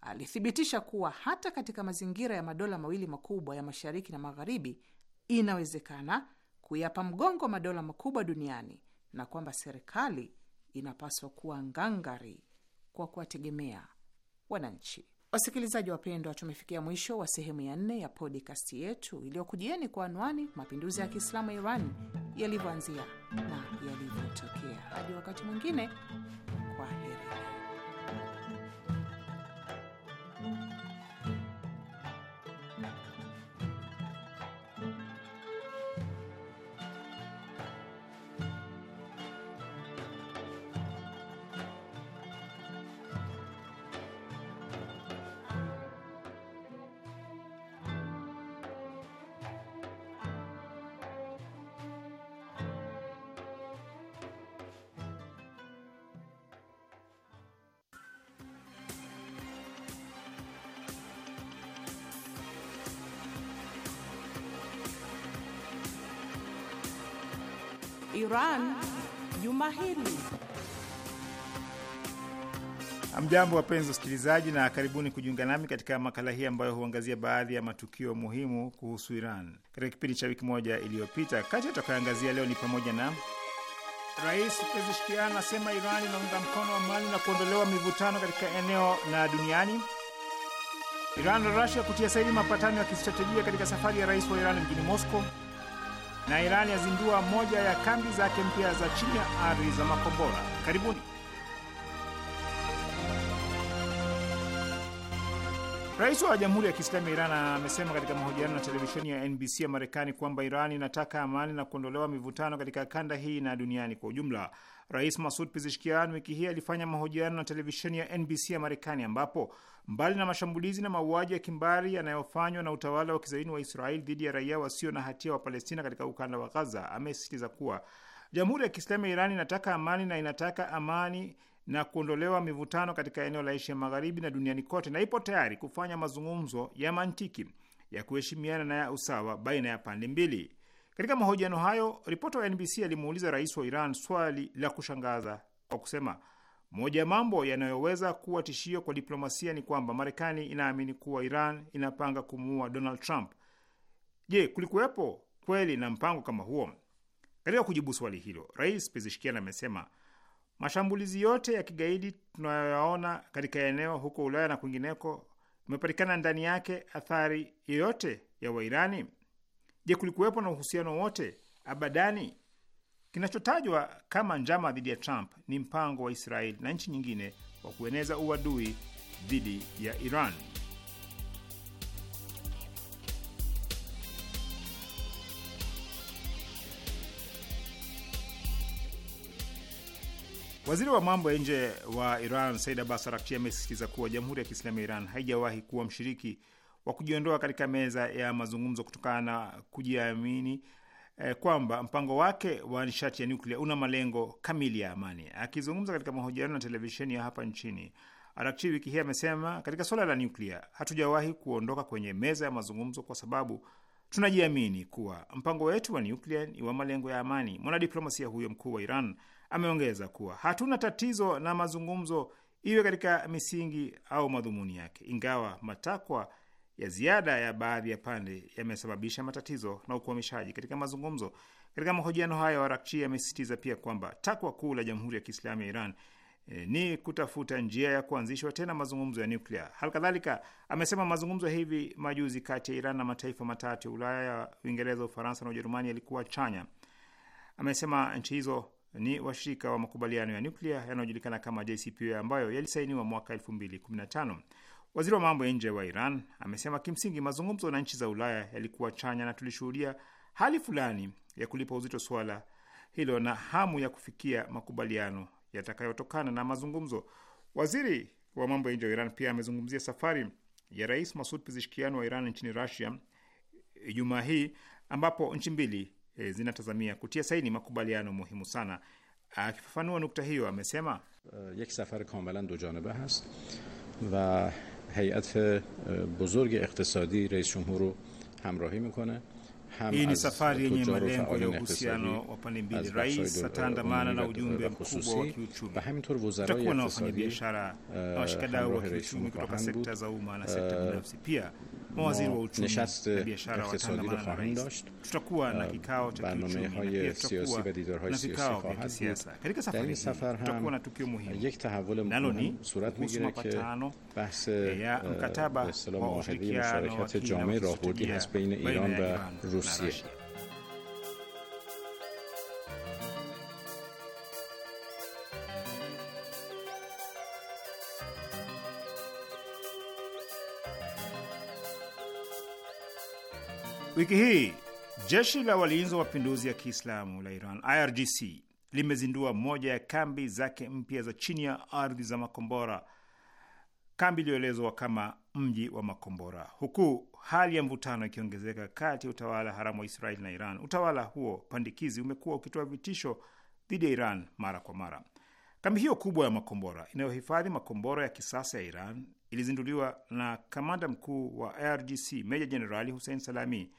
Alithibitisha kuwa hata katika mazingira ya madola mawili makubwa ya mashariki na magharibi inawezekana kuyapa mgongo madola makubwa duniani na kwamba serikali inapaswa kuwa ngangari kwa kuwategemea wananchi. Wasikilizaji wapendwa, tumefikia mwisho wa sehemu ya nne ya podikasti yetu iliyokujieni kwa anwani mapinduzi ya Kiislamu ya Iran yalivyoanzia na yalivyotokea. Hadi wakati mwingine, Iran juma hili. Amjambo, wapenzi wasikilizaji, na karibuni kujiunga nami katika makala hii ambayo huangazia baadhi ya matukio muhimu kuhusu Iran katika kipindi cha wiki moja iliyopita. Kati atakayoangazia leo ni pamoja na Rais Pezeshkian anasema Iran inaunga mkono amani na kuondolewa mivutano katika eneo na duniani. Iran na Rusia kutia saini mapatano ya kistratejia katika safari ya rais wa Iran mjini Moscow na Iran yazindua moja ya kambi zake mpya za chini ya ardhi za makombora. Karibuni. Rais wa Jamhuri ya Kiislamu ya Iran amesema katika mahojiano na televisheni ya NBC ya Marekani kwamba Iran inataka amani na kuondolewa mivutano katika kanda hii na duniani kwa ujumla. Rais Masud Pizishkian wiki hii alifanya mahojiano na televisheni ya NBC ya Marekani ambapo Mbali na mashambulizi na mauaji ya kimbari yanayofanywa na utawala wa kizaini wa Israeli dhidi ya raia wasio na hatia wa Palestina katika ukanda wa Gaza, amesisitiza kuwa Jamhuri ya Kiislamu ya Iran inataka amani na inataka amani na kuondolewa mivutano katika eneo la Asia Magharibi na duniani kote, na ipo tayari kufanya mazungumzo ya mantiki ya kuheshimiana na ya usawa baina ya pande mbili. Katika mahojiano hayo, ripota wa NBC alimuuliza rais wa Iran swali la kushangaza kwa kusema moja ya mambo yanayoweza kuwa tishio kwa diplomasia ni kwamba Marekani inaamini kuwa Iran inapanga kumuua Donald Trump. Je, kulikuwepo kweli na mpango kama huo? Katika kujibu swali hilo, Rais Pezeshkian amesema mashambulizi yote ya kigaidi tunayoyaona katika eneo huko Ulaya na kwingineko, imepatikana ndani yake athari yoyote ya Wairani? Je, kulikuwepo na uhusiano wote? Abadani. Kinachotajwa kama njama dhidi ya Trump ni mpango wa Israeli na nchi nyingine wa kueneza uadui dhidi ya Iran. Waziri wa mambo ya nje wa Iran Said Abbas Arakchi amesisitiza kuwa Jamhuri ya Kiislamu ya Iran haijawahi kuwa mshiriki wa kujiondoa katika meza ya mazungumzo kutokana na kujiamini eh, kwamba mpango wake wa nishati ya nuklia una malengo kamili ya amani. Akizungumza katika mahojiano na televisheni ya hapa nchini Arakchi wiki hii amesema, katika suala la nuklia hatujawahi kuondoka kwenye meza ya mazungumzo kwa sababu tunajiamini kuwa mpango wetu wa nuklia ni wa malengo ya amani. Mwanadiplomasia huyo mkuu wa Iran ameongeza kuwa hatuna tatizo na mazungumzo, iwe katika misingi au madhumuni yake, ingawa matakwa ya ziada ya baadhi ya pande yamesababisha matatizo na ukwamishaji katika mazungumzo. Katika mahojiano hayo, Arakchi amesisitiza pia kwamba takwa kuu la Jamhuri ya Kiislamu ya Iran e, ni kutafuta njia ya kuanzishwa tena mazungumzo ya nuklia. Halikadhalika amesema mazungumzo ya hivi majuzi kati ya Iran na mataifa matatu ya Ulaya ya Uingereza, Ufaransa na Ujerumani yalikuwa chanya. Amesema nchi hizo ni washirika wa makubaliano ya nuklia yanayojulikana kama JCPOA ambayo yalisainiwa mwaka 215 Waziri wa mambo ya nje wa Iran amesema kimsingi mazungumzo na nchi za Ulaya yalikuwa chanya na tulishuhudia hali fulani ya kulipa uzito suala hilo na hamu ya kufikia makubaliano yatakayotokana na mazungumzo. Waziri wa mambo ya nje wa Iran pia amezungumzia safari ya Rais Masud Pezeshkian wa Iran nchini Russia Ijumaa hii ambapo nchi mbili e, zinatazamia kutia saini makubaliano muhimu sana. Akifafanua nukta hiyo amesema uh, dojanebe hast هیئت بزرگ اقتصادی رئیس جمهور رو همراهی میکنه Hii ni safari yenye malengo ya uhusiano wa pande mbili. Rais ataandamana na ujumbe mkubwa wa kiuchumi. Tutakuwa na wafanyabiashara na washikadau wa kiuchumi kutoka sekta za umma na sekta binafsi. Pia ما نشست اقتصادی رو خواهیم داشت برنامه های سیاسی و دیدارهای سیاسی خواهد بود در این سفر هم یک تحول مهم صورت میگیره که بحث به اصطلاح معاهده مشارکت جامعه راهبردی هست بین ایران و روسیه Wiki hii jeshi la walinzi wa mapinduzi ya Kiislamu la Iran, IRGC, limezindua moja ya kambi zake mpya za chini ya ardhi za makombora, kambi iliyoelezwa kama mji wa makombora, huku hali ya mvutano ikiongezeka kati ya utawala haramu wa Israeli na Iran. Utawala huo pandikizi umekuwa ukitoa vitisho dhidi ya Iran mara kwa mara. Kambi hiyo kubwa ya makombora inayohifadhi makombora ya kisasa ya Iran ilizinduliwa na kamanda mkuu wa IRGC meja jenerali Hussein Salami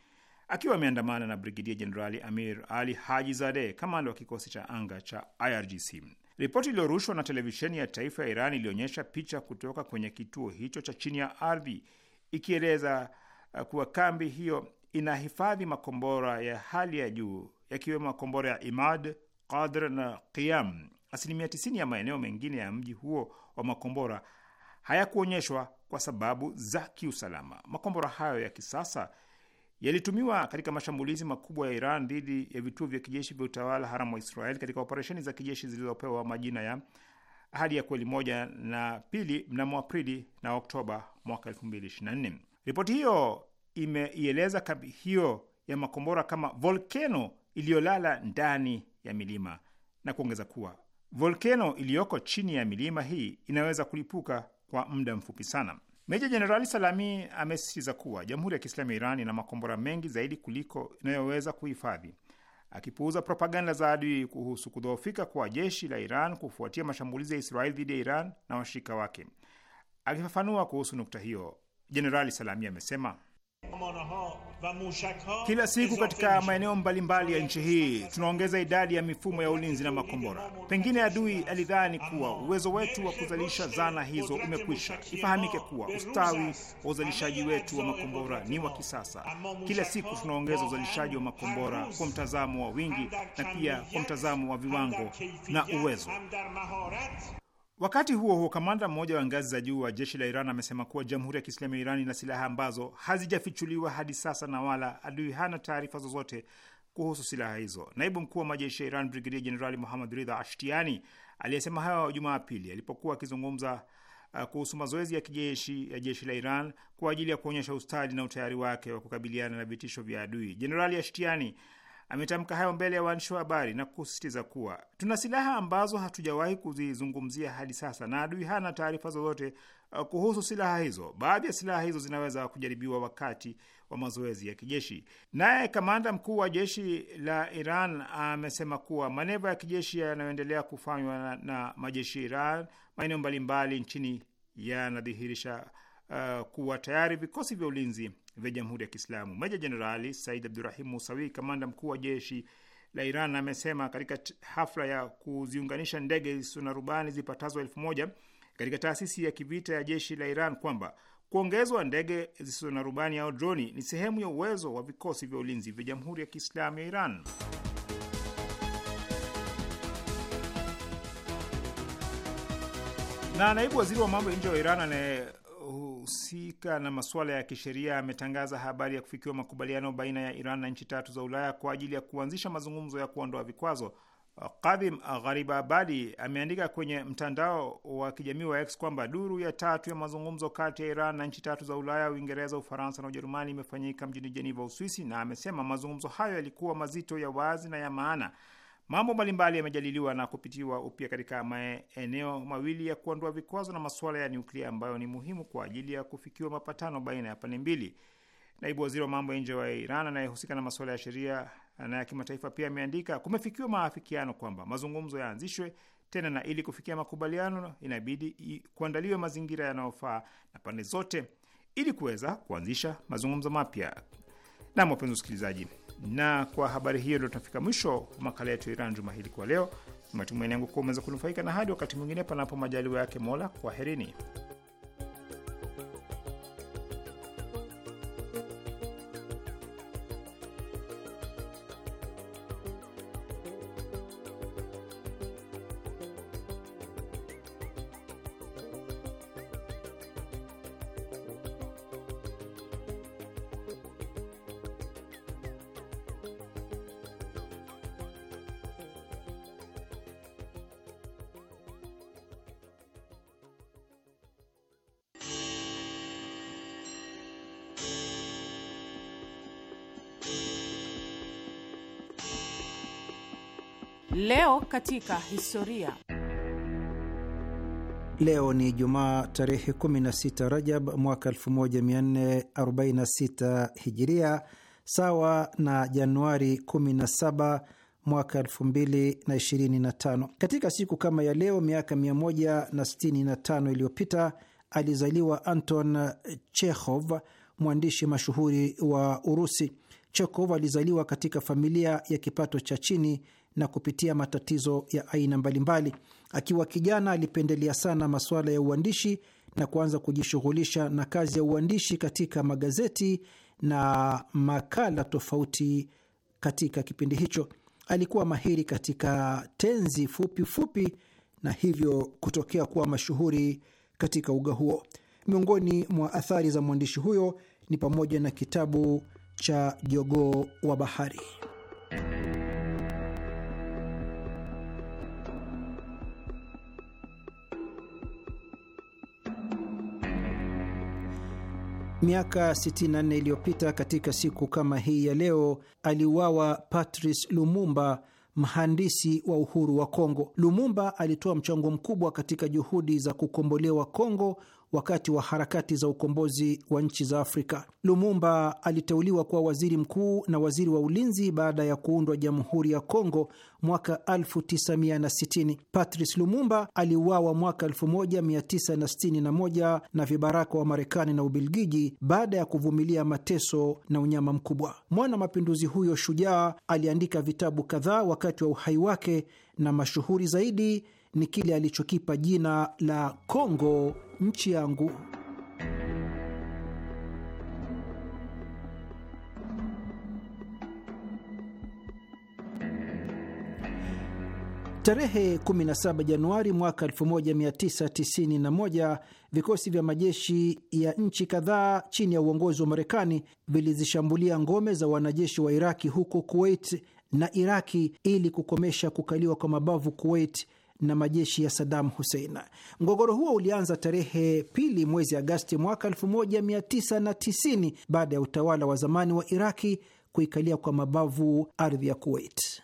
akiwa ameandamana na Brigedia Jenerali Amir Ali Haji Zadeh, kamanda wa kikosi cha anga cha IRGC. Ripoti iliyorushwa na televisheni ya taifa ya Iran ilionyesha picha kutoka kwenye kituo hicho cha chini ya ardhi, ikieleza uh, kuwa kambi hiyo inahifadhi makombora ya hali ya juu yakiwemo makombora ya Imad, Qadr na qiam Asilimia 90 ya maeneo mengine ya mji huo wa makombora hayakuonyeshwa kwa sababu za kiusalama. Makombora hayo ya kisasa yalitumiwa katika mashambulizi makubwa ya Iran dhidi ya vituo vya kijeshi vya utawala haramu wa Israel katika operesheni za kijeshi zilizopewa majina ya Ahadi ya Kweli moja na pili mnamo Aprili na Oktoba mwaka nne. Ripoti hiyo imeieleza kambi hiyo ya makombora kama volkeno iliyolala ndani ya milima na kuongeza kuwa volkeno iliyoko chini ya milima hii inaweza kulipuka kwa muda mfupi sana. Meja Jenerali Salami amesisitiza kuwa Jamhuri ya Kiislamu ya Iran ina makombora mengi zaidi kuliko inayoweza kuhifadhi, akipuuza propaganda za adui kuhusu kudhoofika kwa jeshi la Iran kufuatia mashambulizi ya Israeli dhidi ya Iran na washirika wake. Akifafanua kuhusu nukta hiyo, Jenerali Salami amesema kila siku katika maeneo mbalimbali ya nchi hii tunaongeza idadi ya mifumo ya ulinzi na makombora. Pengine adui alidhani kuwa uwezo wetu wa kuzalisha zana hizo umekwisha. Ifahamike kuwa ustawi wa uzalishaji wetu wa makombora ni wa kisasa. Kila siku tunaongeza uzalishaji wa makombora kwa mtazamo wa wingi na pia kwa mtazamo wa viwango na uwezo. Wakati huo huo, kamanda mmoja wa ngazi za juu wa jeshi la Iran amesema kuwa jamhuri ya Kiislamu ya Iran ina silaha ambazo hazijafichuliwa hadi sasa na wala adui hana taarifa zozote kuhusu silaha hizo. Naibu mkuu wa majeshi ya Iran Brigedia Jenerali Muhammad Ridha Ashtiani aliyesema hayo Jumapili alipokuwa akizungumza uh, kuhusu mazoezi ya kijeshi ya jeshi la Iran kwa ajili ya kuonyesha ustadi na utayari wake wa kukabiliana na vitisho vya adui. Jenerali Ashtiani Ametamka hayo mbele ya waandishi wa habari na kusisitiza kuwa tuna silaha ambazo hatujawahi kuzizungumzia hadi sasa na adui hana taarifa zozote uh, kuhusu silaha hizo. Baadhi ya silaha hizo zinaweza kujaribiwa wakati wa mazoezi ya kijeshi. Naye kamanda mkuu wa jeshi la Iran amesema kuwa maneva ya kijeshi yanayoendelea kufanywa na, na majeshi ya Iran maeneo mbalimbali nchini yanadhihirisha uh, kuwa tayari vikosi vya ulinzi vya Jamhuri ya Kiislamu. Meja Jenerali Said Abdurahim Musawi, kamanda mkuu wa jeshi la Iran, amesema katika hafla ya kuziunganisha ndege zisizo na rubani zipatazo elfu moja katika taasisi ya kivita ya jeshi la Iran kwamba kuongezwa ndege zisizo na rubani au droni ni sehemu ya uwezo wa vikosi vya ulinzi vya Jamhuri ya Kiislamu ya Iran. Na naibu waziri wa mambo ya nje wa Iran anaye husika na masuala ya kisheria ametangaza habari ya kufikiwa makubaliano baina ya Iran na nchi tatu za Ulaya kwa ajili ya kuanzisha mazungumzo ya kuondoa vikwazo. Kadhim Gharibabadi ameandika kwenye mtandao wa kijamii wa X kwamba duru ya tatu ya mazungumzo kati ya Iran na nchi tatu za Ulaya, Uingereza, Ufaransa na Ujerumani imefanyika mjini Jeneva, Uswisi, na amesema mazungumzo hayo yalikuwa mazito, ya wazi na ya maana Mambo mbalimbali yamejadiliwa na kupitiwa upya katika maeneo mawili ya kuondoa vikwazo na masuala ya nyuklia ambayo ni muhimu kwa ajili ya kufikiwa mapatano baina ya pande mbili. Naibu waziri wa mambo ya nje wa Iran anayehusika na masuala ya sheria na ya kimataifa pia ameandika, kumefikiwa maafikiano kwamba mazungumzo yaanzishwe tena, na ili kufikia makubaliano inabidi kuandaliwe mazingira yanayofaa na pande zote ili kuweza kuanzisha mazungumzo mapya. Nam, wapenzi usikilizaji, na kwa habari hiyo ndio tunafika mwisho wa makala yetu ya Iran juma hili kwa leo. Matumaini yangu kuwa umeweza kunufaika, na hadi wakati mwingine, panapo majaliwa yake Mola, kwaherini. katika historia. Leo ni Jumaa tarehe 16 Rajab mwaka 1446 Hijiria, sawa na Januari 17 mwaka 2025. Katika siku kama ya leo miaka 165 iliyopita alizaliwa Anton Chekhov, mwandishi mashuhuri wa Urusi. Chekhov alizaliwa katika familia ya kipato cha chini na kupitia matatizo ya aina mbalimbali. Akiwa kijana, alipendelea sana masuala ya uandishi na kuanza kujishughulisha na kazi ya uandishi katika magazeti na makala tofauti. Katika kipindi hicho alikuwa mahiri katika tenzi fupi fupi na hivyo kutokea kuwa mashuhuri katika uga huo. Miongoni mwa athari za mwandishi huyo ni pamoja na kitabu cha Jogoo wa Bahari. Miaka 64 iliyopita katika siku kama hii ya leo aliuawa Patrice Lumumba, mhandisi wa uhuru wa Kongo. Lumumba alitoa mchango mkubwa katika juhudi za kukombolewa Kongo wakati wa harakati za ukombozi wa nchi za Afrika. Lumumba aliteuliwa kuwa waziri mkuu na waziri wa ulinzi baada ya kuundwa Jamhuri ya Kongo mwaka 1960. Patrice Lumumba aliuawa mwaka 1961 na, na vibaraka wa Marekani na Ubelgiji baada ya kuvumilia mateso na unyama mkubwa. Mwana mapinduzi huyo shujaa aliandika vitabu kadhaa wakati wa uhai wake na mashuhuri zaidi ni kile alichokipa jina la Kongo nchi yangu. Tarehe 17 Januari mwaka 1991 vikosi vya majeshi ya nchi kadhaa chini ya uongozi wa Marekani vilizishambulia ngome za wanajeshi wa Iraki huko Kuwait na Iraki ili kukomesha kukaliwa kwa mabavu Kuwait na majeshi ya Saddam Hussein. Mgogoro huo ulianza tarehe pili mwezi Agasti mwaka 1990 baada ya utawala wa zamani wa Iraki kuikalia kwa mabavu ardhi ya Kuwait.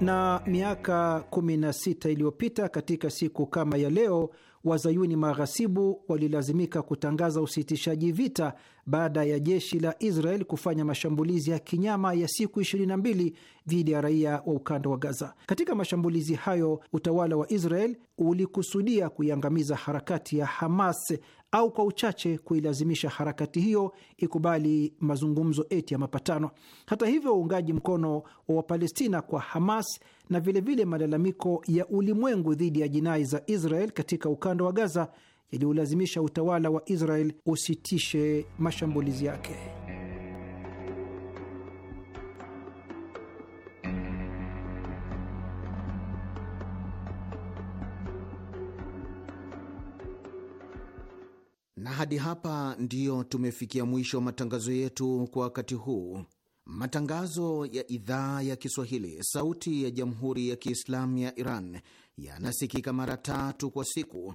Na miaka 16 iliyopita katika siku kama ya leo Wazayuni maghasibu walilazimika kutangaza usitishaji vita baada ya jeshi la Israel kufanya mashambulizi ya kinyama ya siku 22 dhidi ya raia wa ukanda wa Gaza. Katika mashambulizi hayo, utawala wa Israel ulikusudia kuiangamiza harakati ya Hamas au kwa uchache kuilazimisha harakati hiyo ikubali mazungumzo eti ya mapatano. Hata hivyo, uungaji mkono wa Wapalestina kwa Hamas na vilevile vile malalamiko ya ulimwengu dhidi ya jinai za Israel katika ukanda wa Gaza yaliulazimisha utawala wa Israel usitishe mashambulizi yake. Na hadi hapa ndiyo tumefikia mwisho wa matangazo yetu kwa wakati huu. Matangazo ya idhaa ya Kiswahili, sauti ya jamhuri ya kiislamu ya Iran yanasikika mara tatu kwa siku